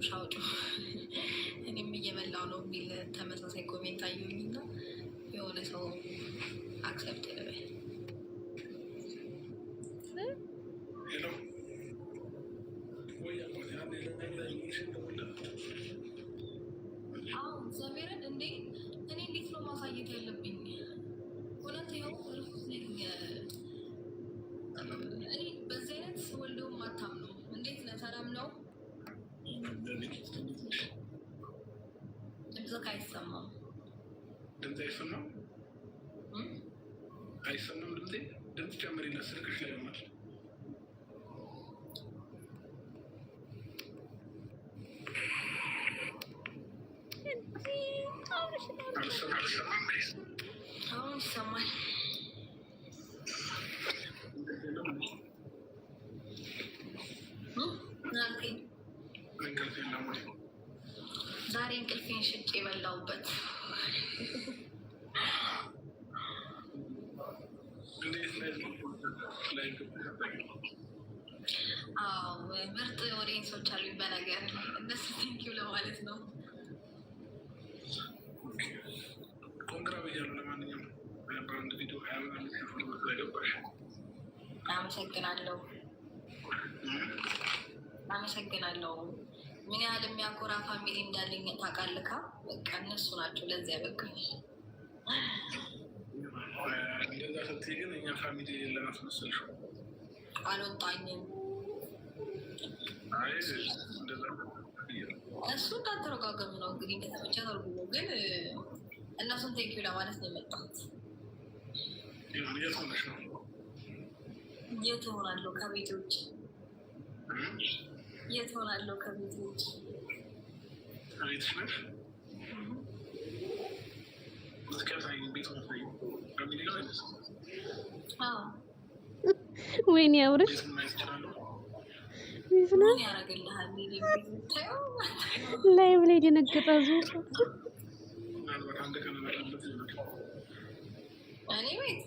አብርሽ አውጪ እኔም እየበላው ነው የሚል ተመሳሳይ ኮሜንት አየሁኝና የሆነ ሰው አክሰፕት አክሰብት አይሰማም። ድምፅ አይሰማም። አይሰማም። ድምፅ ድምፅ ጨምሪለት ስልክሽ ላይ ሆናል። አሁን ይሰማል። እንቅልፍ የለም ወይ? ዛሬ እንቅልፌን ሽጭ የበላውበት ምርጥ ኦዲየንሶች አሉኝ። በነገር እነሱ ቴንኪው ለማለት ነው። ኮንግራ ብያለሁ። ለማንኛውም በአንድ ቪዲዮ አመሰግናለሁ አመሰግናለሁ። ምን ያህል የሚያኮራ ፋሚሊ እንዳለኝ ታውቃለህ። በቃ እነሱ ናቸው ለዚያ በቃ እንደዛ ስትይ ግን እኛ ፋሚሊ የሌለን አልወጣኝም እሱ እንዳተረጋገም ነው እንግዲህ እንደተመቸ ተርጉሞ ግን እነሱን ቴንኪው ለማለት ነው የመጣሁት። የት ሆነሽ ነው? የት ሆናለሁ ከቤት ውጭ የት ሆናለሁ? ከቤት ውጭ ቤት ነሽ? ወይኔ አውረሽ ቤት ነው ላይ ብላ የደነገጠ ዙ እኔ ቤት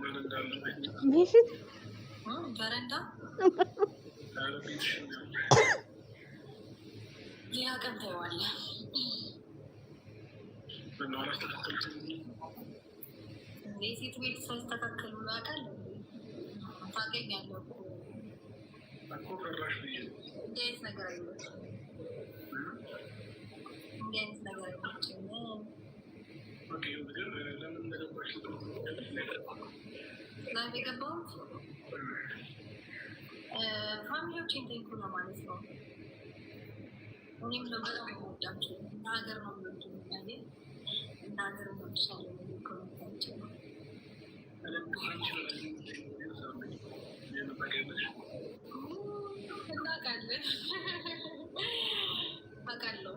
በረንዳ ሌላ ቀን ታየዋለህ። የሴት ቤት ሳይስተካከል ብሎ አውቃለሁ። ታገኛለህ እንዲህ አይነት ነገር አይመቸኝም። ላይፍ የገባሁት ፋሚሊዎች እንዴት ነው ማለት ነው። እኔም ነው በጣም የምወዳቸው እና ሀገር ነው የሚወዱ ምናሌ እና ሀገር ነው ሳለ ኮሚታቸው እናቃለን አቃለው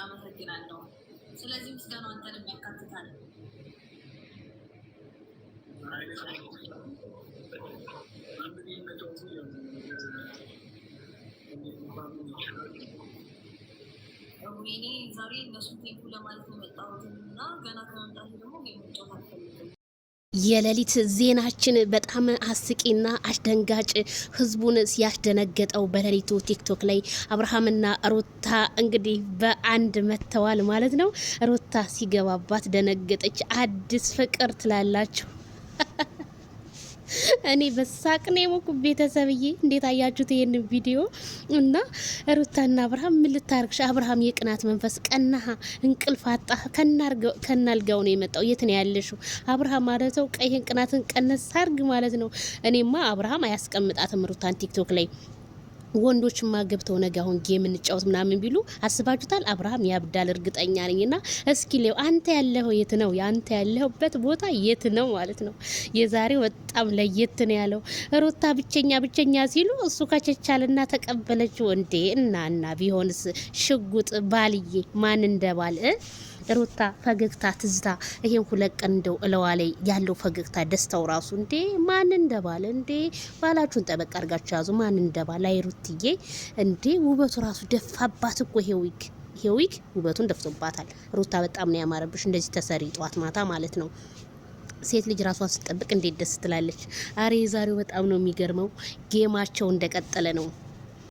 አመሰግናለሁ። ስለዚህ ምስጋና አንተንም ያካትታል። እኔ ዛሬ እነሱን ቴኩ ለማለት ነው የመጣሁት እና ገና ከመምጣት ደግሞ ጌሞጫት አልፈልግም የሌሊት ዜናችን በጣም አስቂና አስደንጋጭ ህዝቡን ሲያስደነገጠው በሌሊቱ ቲክቶክ ላይ አብርሃምና ሩታ እንግዲህ በአንድ መጥተዋል ማለት ነው። ሩታ ሲገባባት ደነገጠች። አዲስ ፍቅር ትላላችሁ። እኔ በሳቅ ነው የሞኩ። ቤተሰብዬ እንዴት አያችሁት ይሄን ቪዲዮ? እና ሩታና አብርሃም ምን ልታርግሽ? አብርሃም የቅናት መንፈስ ቀናሃ፣ እንቅልፍ አጣ፣ ከናልጋው ነው የመጣው። የት ነው ያለሽው? አብርሃም ማለት ነው ቀይህን ቅናትን ቀነስ አርግ ማለት ነው። እኔማ አብርሃም አያስቀምጣትም ሩታን ቲክቶክ ላይ ወንዶች ገብተው ነገ አሁን ጌም እንጫወት ምናምን ቢሉ አስባችሁታል? አብርሃም ያብዳል እርግጠኛ ነኝ። እስኪ ሌው አንተ ያለኸው የት ነው? አንተ ያለህበት ቦታ የት ነው ማለት ነው። የዛሬው በጣም ለየት ነው ያለው። ሩታ ብቸኛ ብቸኛ ሲሉ እሱ ከቸቻልና ተቀበለችው እንዴ! እና እና ቢሆንስ ሽጉጥ ባልዬ ማን እንደባል ሩታ ፈገግታ ትዝታ ይሄን ሁለት ቀን እንደው እለዋ ላይ ያለው ፈገግታ ደስታው ራሱ እንዴ ማን እንደባለ እንዴ ባላችሁን ጠበቅ አድርጋችሁ ያዙ። ማን እንደባለ አይሩትዬ እንዴ ውበቱ ራሱ ደፋባት እኮ ይሄ ዊግ ይሄ ዊግ ውበቱን ደፍቶባታል። ሩታ በጣም ነው ያማረብሽ። እንደዚህ ተሰሪ ጠዋት ማታ ማለት ነው። ሴት ልጅ ራሷን ስትጠብቅ እንዴት ደስ ትላለች። አሬ ዛሬው በጣም ነው የሚገርመው። ጌማቸው እንደቀጠለ ነው።